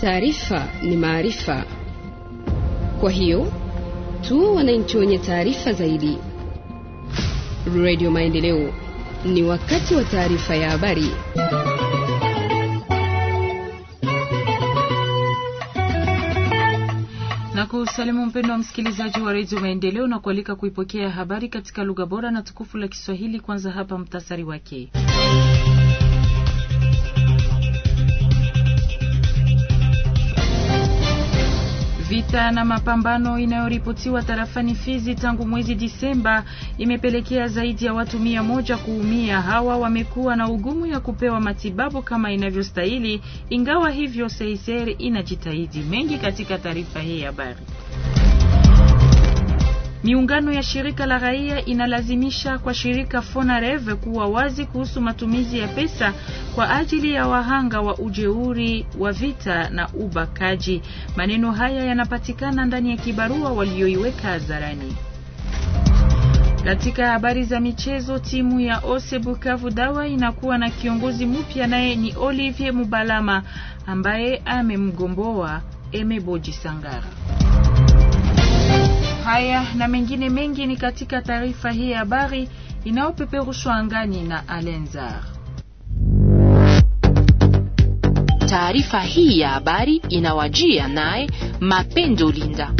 Taarifa ni maarifa, kwa hiyo tu wananchi wenye taarifa zaidi. Radio Maendeleo, ni wakati wa taarifa ya habari. na kusalimu mpendo wa msikilizaji wa redio Maendeleo na kualika kuipokea habari katika lugha bora na tukufu la Kiswahili. Kwanza hapa mtasari wake Vita na mapambano inayoripotiwa tarafani Fizi tangu mwezi Disemba imepelekea zaidi ya watu mia moja kuumia. Hawa wamekuwa na ugumu ya kupewa matibabu kama inavyostahili, ingawa hivyo Seiser inajitahidi mengi. Katika taarifa hii ya habari Miungano ya shirika la raia inalazimisha kwa shirika Fonarev kuwa wazi kuhusu matumizi ya pesa kwa ajili ya wahanga wa ujeuri wa vita na ubakaji. Maneno haya yanapatikana ndani ya kibarua walioiweka hadharani. Katika habari za michezo, timu ya Ose Bukavu Dawa inakuwa na kiongozi mpya, naye ni Olivier Mubalama ambaye amemgomboa Emeboji Sangara. Haya na mengine mengi ni katika taarifa hii ya habari inayopeperushwa angani na Alenzar. Taarifa hii ya habari inawajia naye Mapendo Linda.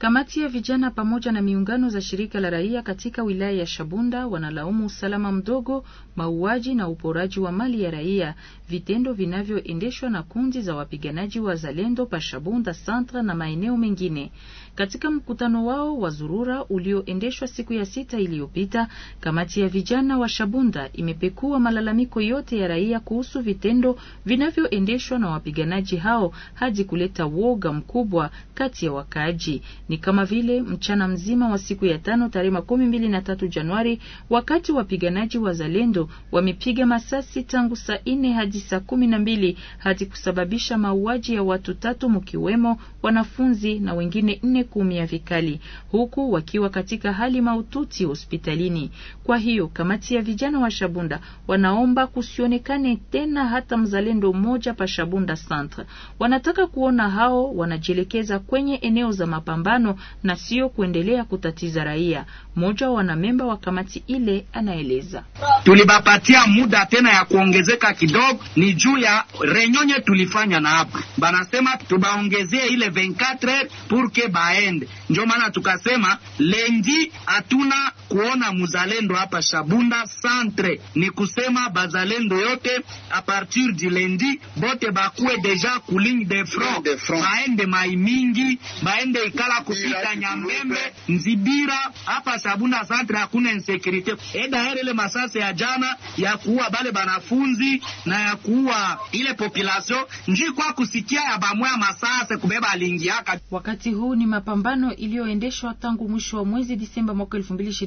Kamati ya vijana pamoja na miungano za shirika la raia katika wilaya ya Shabunda wanalaumu usalama mdogo, mauaji na uporaji wa mali ya raia, vitendo vinavyoendeshwa na kundi za wapiganaji wa Zalendo pa Shabunda Centre na maeneo mengine. Katika mkutano wao wa zurura ulioendeshwa siku ya sita iliyopita, kamati ya vijana wa Shabunda imepekua malalamiko yote ya raia kuhusu vitendo vinavyoendeshwa na wapiganaji hao hadi kuleta woga mkubwa kati ya wakaaji. Ni kama vile mchana mzima wa siku ya tano tarehe makumi mbili na tatu Januari, wakati wapiganaji wazalendo wamepiga masasi tangu saa nne hadi saa kumi na mbili hadi kusababisha mauaji ya watu tatu mkiwemo wanafunzi na wengine nne kuumia vikali, huku wakiwa katika hali mahututi hospitalini. Kwa hiyo kamati ya vijana wa Shabunda wanaomba kusionekane tena hata mzalendo mmoja pa Shabunda Centre. Wanataka kuona hao wanajielekeza kwenye eneo za mapambano na sio kuendelea kutatiza raia. Mmoja wa wanamemba wa kamati ile anaeleza, tulibapatia muda tena ya kuongezeka kidogo, ni juu ya renyonye tulifanya na hapa banasema tubaongezee ile 24 pour que ba aende. Ndio maana tukasema lenji hatuna kuona muzalendo hapa Shabunda centre, ni kusema bazalendo yote a partir du lendi bote bakuwe deja ku ligne de front, baende mai mingi, baende ikala kupita Nyambembe, Nzibira hapa Shabunda centre hakuna insecurity. Edahere ile masase ya jana ya kuua bale banafunzi na ya kuua ile population njikwa kusikia ya bamwea masase kubeba lingi yaka. Wakati huu ni mapambano iliyoendeshwa tangu mwisho wa mwezi Disemba mwaka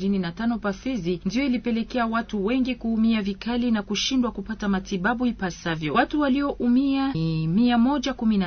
na tano pafezi ndiyo ilipelekea watu wengi kuumia vikali na kushindwa kupata matibabu ipasavyo. Watu walioumia ni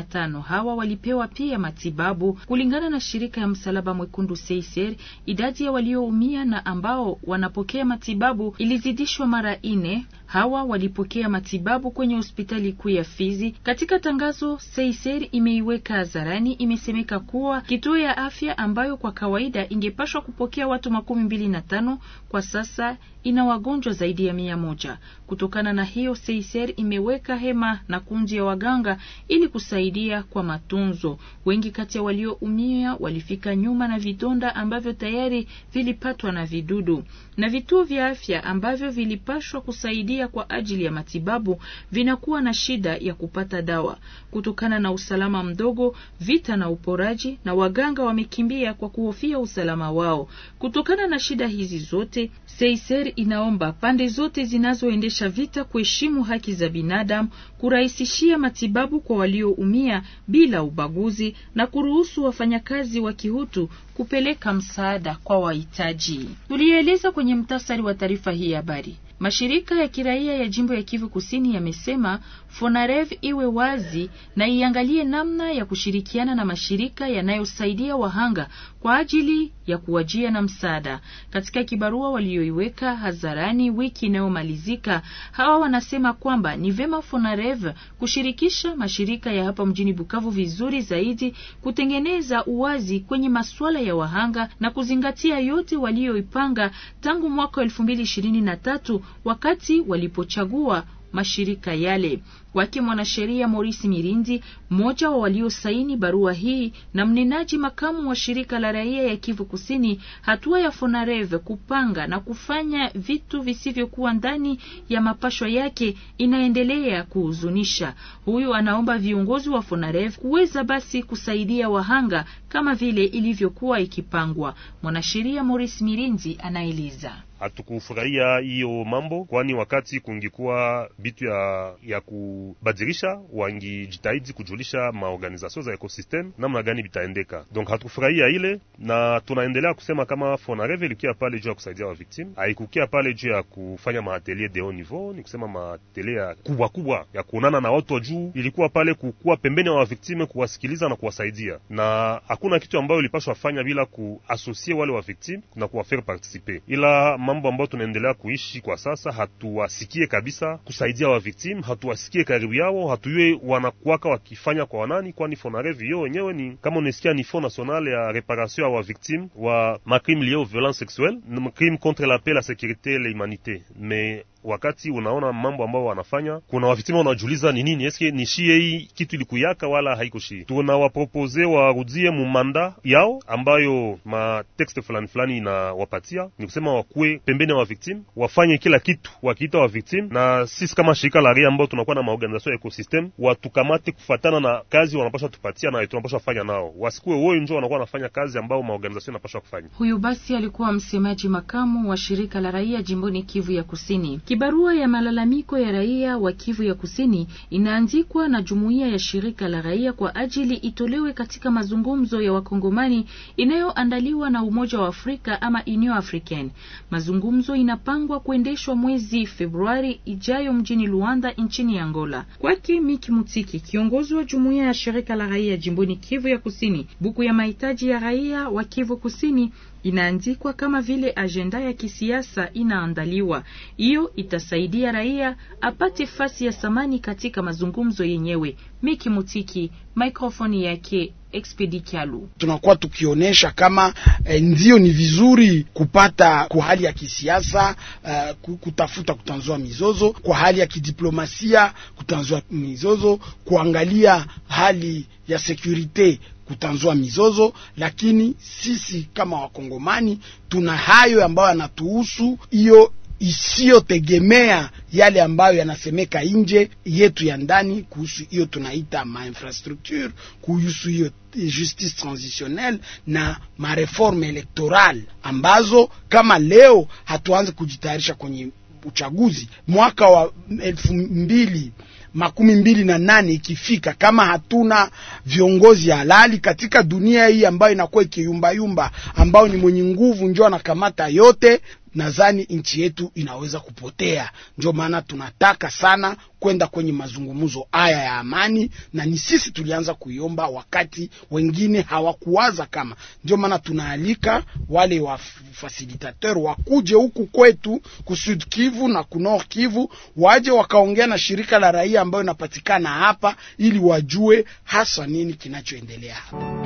tano. Hawa walipewa pia matibabu kulingana na shirika ya Msalaba Mwekundu Seiser. Idadi ya walioumia na ambao wanapokea matibabu ilizidishwa mara nne. Hawa walipokea matibabu kwenye hospitali kuu ya Fizi. Katika tangazo, Seiser imeiweka hadharani, imesemeka kuwa kituo Kituo ya afya ambayo kwa kawaida ingepashwa kupokea watu makumi mbili na tano kwa sasa ina wagonjwa zaidi ya mia moja. Kutokana na hiyo, Seiser imeweka hema na kundi ya waganga ili kusaidia kwa matunzo. Wengi kati ya walioumia walifika nyuma na vidonda ambavyo tayari vilipatwa na vidudu, na vituo vya afya ambavyo vilipashwa kusaidia kwa ajili ya matibabu vinakuwa na shida ya kupata dawa kutokana na usalama mdogo, vita na uporaji, na waganga wamekimbia kwa kuhofia usalama wao. Kutokana na shida hizi zote, Seiser inaomba pande zote zinazoendesha vita kuheshimu haki za binadamu, kurahisishia matibabu kwa walioumia bila ubaguzi na kuruhusu wafanyakazi wa kihutu kupeleka msaada kwa wahitaji. Tulieleza kwenye mtasari wa taarifa hii habari. Mashirika ya kiraia ya jimbo ya Kivu Kusini yamesema Fonarev iwe wazi na iangalie namna ya kushirikiana na mashirika yanayosaidia wahanga kwa ajili ya kuwajia na msaada. Katika kibarua walioiweka hadharani wiki inayomalizika, hawa wanasema kwamba ni vema Fonareve kushirikisha mashirika ya hapa mjini Bukavu vizuri zaidi kutengeneza uwazi kwenye masuala ya wahanga na kuzingatia yote walioipanga tangu mwaka elfu mbili ishirini na tatu wakati walipochagua mashirika yale. Kwake mwanasheria Morisi Mirindi, mmoja wa waliosaini barua hii na mnenaji makamu wa shirika la raia ya Kivu Kusini, hatua ya Fonareve kupanga na kufanya vitu visivyokuwa ndani ya mapashwa yake inaendelea kuhuzunisha. Huyu anaomba viongozi wa fonarev kuweza basi kusaidia wahanga kama vile ilivyokuwa ikipangwa. Mwanasheria Morisi Mirindi anaeleza hatukufurahia hiyo mambo, kwani wakati kungikuwa bitu ya, ya kubadilisha wangijitahidi kujulisha maorganizasio za ekosystem namna gani bitaendeka. Donc hatukufurahia ile, na tunaendelea kusema kama Fonareve ilikia pale juu ya kusaidia wavictime, haikukia pale juu ya kufanya maatelier de haut niveau, ni kusema maatelier ya kubwa kubwa ya kuonana na watu wa juu, ilikuwa pale kukuwa pembeni wa wavictime, kuwasikiliza na kuwasaidia, na hakuna kitu ambayo ilipashwa fanya bila kuasosie wale wavictime na kuwafaire participer ila mambo ambayo tunaendelea kuishi kwa sasa, hatuwasikie kabisa kusaidia wa victim, hatuwasikie karibu yao, hatuyue wanakuwaka wakifanya kwa wanani, kwani Fonarev hiyo wenyewe ni kama unasikia ni Fond National ya reparation ya wa victim wa macrime lié violence violences sexuelles crime contre la paix la sécurité et l'humanité mais wakati unaona mambo ambao wanafanya, kuna wafitima unajuliza ni nini, eske ni shie hii kitu ilikuyaka wala haiko shie. Tunawapropose warudie mumanda yao ambayo matekste fulani fulani inawapatia, ni kusema wakuwe pembeni ya waviktimu, wafanye kila kitu wakiita waviktimu, na sisi kama shirika la raia ambao tunakuwa na maorganizasio ya ekosystem watukamate kufatana na kazi wanapashwa tupatia na tunapashwa fanya nao, wasikuwe woi njo wanakuwa wanafanya kazi ambao maorganizasio yanapasha kufanya. Huyu basi alikuwa msemaji makamu wa shirika la raia jimboni Kivu ya Kusini. Kibarua ya malalamiko ya raia wa Kivu ya Kusini inaandikwa na jumuiya ya shirika la raia kwa ajili itolewe katika mazungumzo ya wakongomani inayoandaliwa na Umoja wa Afrika ama Union African. Mazungumzo inapangwa kuendeshwa mwezi Februari ijayo mjini Luanda nchini Angola. Kwake Miki Mutiki, kiongozi wa jumuiya ya shirika la raia jimboni Kivu ya Kusini, buku ya mahitaji ya raia wa Kivu Kusini inaandikwa kama vile ajenda ya kisiasa inaandaliwa. Hiyo itasaidia raia apate fasi ya samani katika mazungumzo yenyewe. Miki Mutiki, mikrofoni yake Expedi Kialu. Tunakuwa tukionyesha kama eh, ndio ni vizuri kupata kwa hali ya kisiasa uh, kutafuta kutanzua mizozo kwa hali ya kidiplomasia, kutanzua mizozo, kuangalia hali ya sekurite kutanzua mizozo, lakini sisi kama Wakongomani tuna hayo ambayo yanatuhusu. Hiyo isiyotegemea yale ambayo yanasemeka nje yetu ya ndani kuhusu hiyo tunaita mainfrastructure kuhusu hiyo justice transitionnelle na mareforme electorale ambazo kama leo hatuanze kujitayarisha kwenye uchaguzi mwaka wa elfu mbili makumi mbili na nane ikifika, kama hatuna viongozi halali katika dunia hii ambayo inakuwa ikiyumbayumba, ambayo ni mwenye nguvu njo anakamata yote, nadhani nchi yetu inaweza kupotea. Ndio maana tunataka sana kwenda kwenye mazungumzo haya ya amani, na ni sisi tulianza kuiomba wakati wengine hawakuwaza kama. Ndio maana tunaalika wale wafasilitateur wakuje huku kwetu ku Sud Kivu na ku Nord Kivu, waje wakaongea na shirika la raia ambayo inapatikana hapa, ili wajue hasa nini kinachoendelea hapa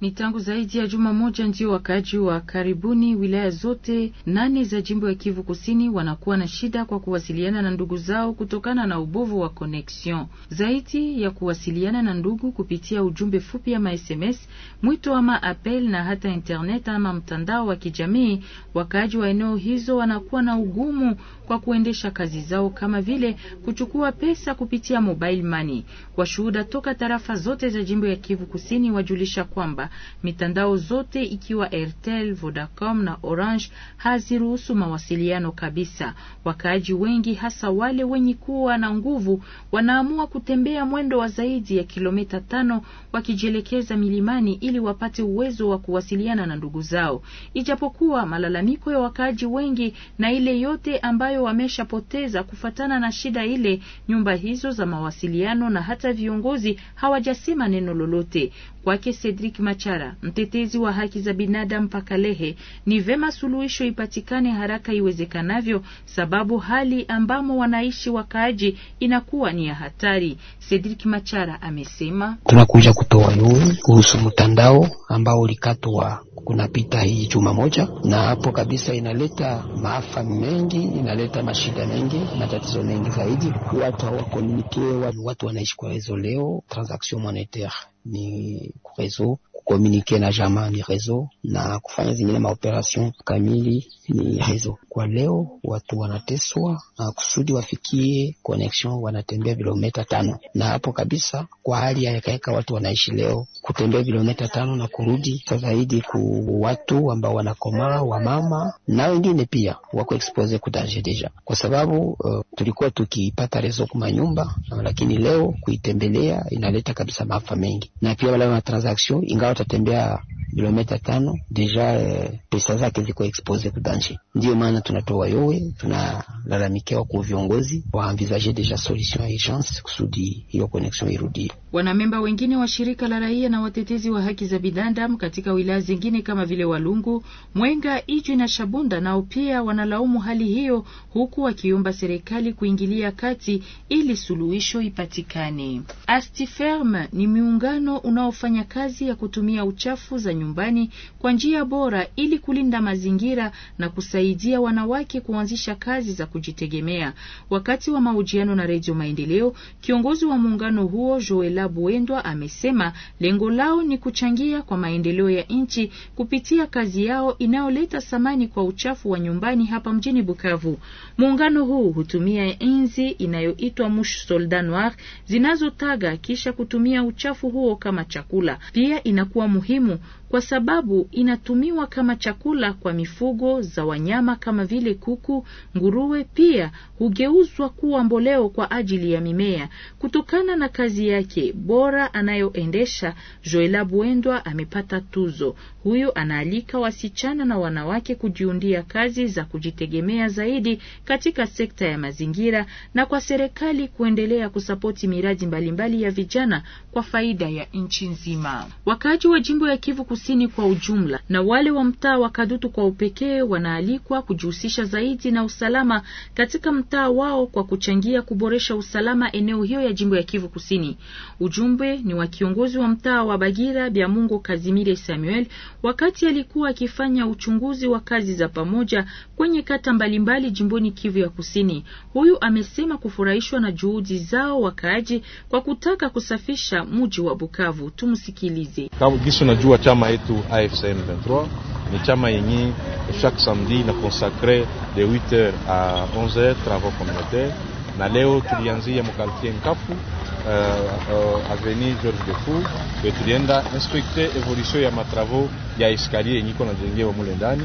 Ni tangu zaidi ya juma moja ndio wakaaji wa karibuni wilaya zote nane za jimbo ya Kivu Kusini wanakuwa na shida kwa kuwasiliana na ndugu zao kutokana na ubovu wa connection. Zaidi ya kuwasiliana na ndugu kupitia ujumbe fupi ama SMS, mwito ama apel na hata internet ama mtandao wa kijamii, wakaaji wa eneo hizo wanakuwa na ugumu kwa kuendesha kazi zao kama vile kuchukua pesa kupitia mobile money. Washuhuda toka tarafa zote za jimbo ya Kivu Kusini wajulisha kwamba Mitandao zote ikiwa Airtel, Vodacom na Orange haziruhusu mawasiliano kabisa. Wakaaji wengi hasa wale wenye kuwa na nguvu wanaamua kutembea mwendo wa zaidi ya kilomita tano wakijielekeza milimani ili wapate uwezo wa kuwasiliana na ndugu zao. Ijapokuwa malalamiko ya wakaaji wengi na ile yote ambayo wameshapoteza kufatana na shida ile, nyumba hizo za mawasiliano na hata viongozi hawajasema neno lolote. Kwake Cedric Machara, mtetezi wa haki za binadamu Pakalehe, ni vema suluhisho ipatikane haraka iwezekanavyo, sababu hali ambamo wanaishi wakaaji inakuwa ni ya hatari. Cedric Machara amesema, tunakuja kutoa yui kuhusu mtandao ambao ulikatwa kunapita hii juma moja, na hapo kabisa inaleta maafa mengi, inaleta mashida mengi, matatizo mengi zaidi. Watu hawakomunike, watu wanaishi kwa hizo leo transaction monetaire mes euh, réseaux communiquer na jama ni rezo, na kufanya zingine maoperation kamili ni rezo. Kwa leo watu wanateswa na kusudi wafikie connection, wanatembea kilomita tano na hapo kabisa. Kwa hali ya yakaeka watu wanaishi leo kutembea kilomita tano na kurudi, zaidi ku watu ambao wanakomaa, mama na wengine pia wako expose ku danger deja, kwa sababu uh, tulikuwa tukipata rezo kuma nyumba, lakini leo kuitembelea inaleta kabisa maafa mengi na pia wale wana transaction ingawa se tendría kilomita tano deja eh, pesa zake ziko expose danger. Ndiyo maana tunatoa yowe, tunalalamikia kwa viongozi envisager deja solution ya urgence kusudi hiyo connection irudie. Wanamemba wengine wa shirika la raia na watetezi wa haki za binadamu katika wilaya zingine kama vile Walungu, Mwenga, Ijwi na Shabunda nao pia wanalaumu hali hiyo, huku wakiomba serikali kuingilia kati ili suluhisho ipatikane. Astiferme ni miungano unaofanya kazi ya kutumia uchafu za nyumbani nyumbani kwa njia bora ili kulinda mazingira na kusaidia wanawake kuanzisha kazi za kujitegemea. Wakati wa mahojiano na Redio Maendeleo, kiongozi wa muungano huo Joela Buendwa amesema lengo lao ni kuchangia kwa maendeleo ya nchi kupitia kazi yao inayoleta thamani kwa uchafu wa nyumbani hapa mjini Bukavu. Muungano huu hutumia enzi inayoitwa mush soldat noir zinazotaga kisha kutumia uchafu huo kama chakula. Pia inakuwa muhimu kwa sababu inatumiwa kama chakula kwa mifugo za wanyama kama vile kuku, nguruwe. Pia hugeuzwa kuwa mboleo kwa ajili ya mimea. Kutokana na kazi yake bora anayoendesha, Joela Buendwa amepata tuzo. Huyu anaalika wasichana na wanawake kujiundia kazi za kujitegemea zaidi katika sekta ya mazingira na kwa serikali kuendelea kusapoti miradi mbalimbali ya vijana kwa faida ya nchi nzima. Wakaaji wa jimbo ya Kivu Kusini kwa ujumla na wale wa mtaa wa Kadutu kwa upekee wanaalikwa kujihusisha zaidi na usalama katika mtaa wao kwa kuchangia kuboresha usalama eneo hiyo ya jimbo ya Kivu Kusini. Ujumbe ni wa kiongozi wa mtaa wa Bagira Byamungu Kazimire Samuel wakati alikuwa akifanya uchunguzi wa kazi za pamoja kwenye kata mbalimbali jimboni Kivu ya Kusini. Huyu amesema kufurahishwa na juhudi zao wakaaji kwa kutaka kusafisha mji wa Bukavu. Tumsikilize. Kama gisu najua chama chama yetu AFC M23 ni chama yenye chaque samedi na consacre de 8h à 11h travaux communautaires, na leo tulianzia mkartie Nkafu uh, uh, avenue George de Fou e tulienda inspekte evolution ya matravo ya escalier yenye iko najengewa mule ndani,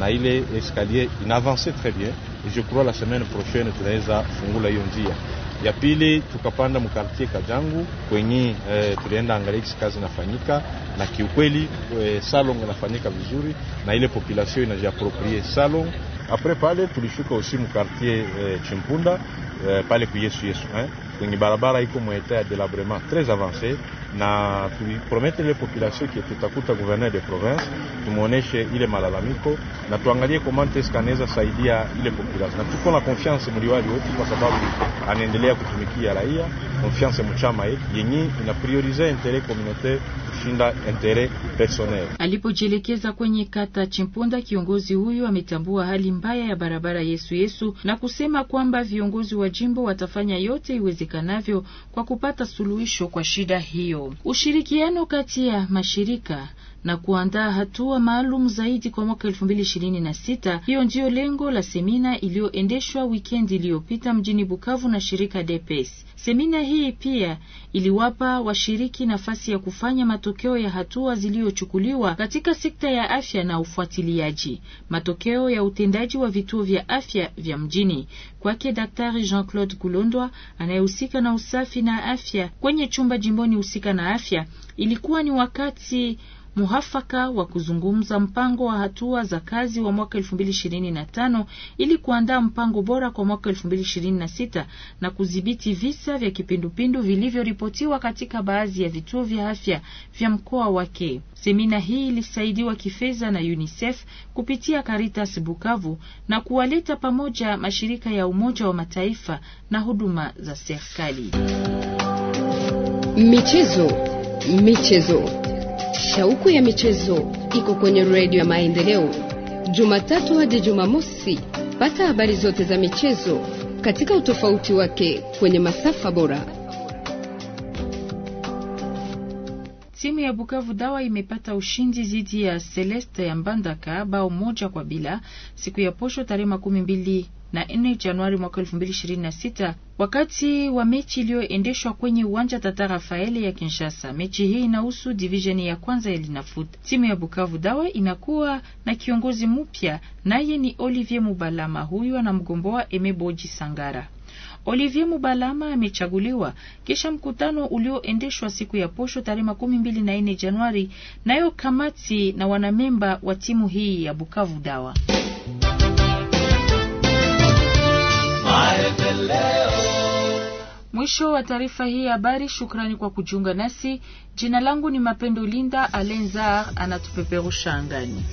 na ile escalier inavance très bien. Je crois la semaine prochaine tunaweza fungula hiyo njia ya pili tukapanda mkartie Kajangu kwenye eh, tulienda angalia kazi nafanyika na kiukweli e, salon inafanyika vizuri na ile population inajiaproprie salon. Apre pale tulishuka usi mkartier e, eh, Chimpunda e, pale Yesu Yesu eh? kwenye barabara iko mweta ya delabrement tres avance, na tulipromete ile population ki tutakuta gouverneur de province, tumuoneshe ile malalamiko na tuangalie comment est ce skaneza saidia ile population, na tuko na confiance mliwali wetu kwa sababu anaendelea kutumikia raia, confiance mchama yetu yenye ina priorize intérêt communautaire kushinda interet personnel. Alipojielekeza kwenye kata Chimpunda, kiongozi huyu ametambua hali mbaya ya barabara Yesu Yesu na kusema kwamba viongozi wa jimbo watafanya yote iwezekanavyo kwa kupata suluhisho kwa shida hiyo. Ushirikiano kati ya mashirika na kuandaa hatua maalum zaidi kwa mwaka sita. Hiyo ndiyo lengo la semina iliyoendeshwa wikendi iliyopita mjini Bukavu na shirika DPS. Semina hii pia iliwapa washiriki nafasi ya kufanya matokeo ya hatua ziliyochukuliwa katika sekta ya afya na ufuatiliaji matokeo ya utendaji wa vituo vya afya vya mjini. Kwake Daktari Jean-Claude Kulondwa anayehusika na usafi na afya kwenye chumba jimboni husika na afya, ilikuwa ni wakati muhafaka wa kuzungumza mpango wa hatua za kazi wa mwaka 2025 ili kuandaa mpango bora kwa mwaka 2026 na kudhibiti visa vya kipindupindu vilivyoripotiwa katika baadhi ya vituo vya afya vya mkoa wake. Semina hii ilisaidiwa kifedha na UNICEF kupitia Caritas Bukavu na kuwaleta pamoja mashirika ya Umoja wa Mataifa na huduma za serikali. Michezo, michezo Shauku ya michezo iko kwenye redio ya Maendeleo, Jumatatu hadi Jumamosi. Pata habari zote za michezo katika utofauti wake kwenye masafa bora. Timu ya Bukavu Dawa imepata ushindi dhidi ya Celeste ya Mbandaka bao moja kwa bila siku ya posho tarehe makumi mbili na 4 Januari mwaka 2026 wakati wa mechi iliyoendeshwa kwenye uwanja Tata Rafaeli ya Kinshasa. Mechi hii inahusu divisheni ya kwanza ya Linafoot. Timu ya Bukavu Dawa inakuwa na kiongozi mpya, naye ni Olivier Mubalama. Huyu anamgomboa Emeboji Sangara. Olivier Mubalama amechaguliwa kisha mkutano ulioendeshwa siku ya posho tarehe makumi mbili na nne Januari, nayo kamati na wanamemba wa timu hii ya Bukavu Dawa. Mwisho wa taarifa hii ya habari. Shukrani kwa kujiunga nasi. Jina langu ni Mapendo Linda Alenzar, anatupeperusha angani.